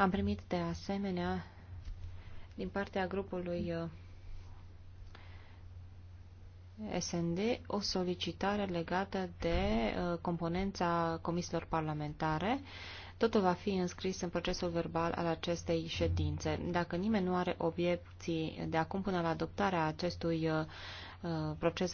Am primit de asemenea din partea grupului uh, SND o solicitare legată de uh, componența comisilor parlamentare. Totul va fi înscris în procesul verbal al acestei ședințe. Dacă nimeni nu are obiecții de acum până la adoptarea acestui uh, proces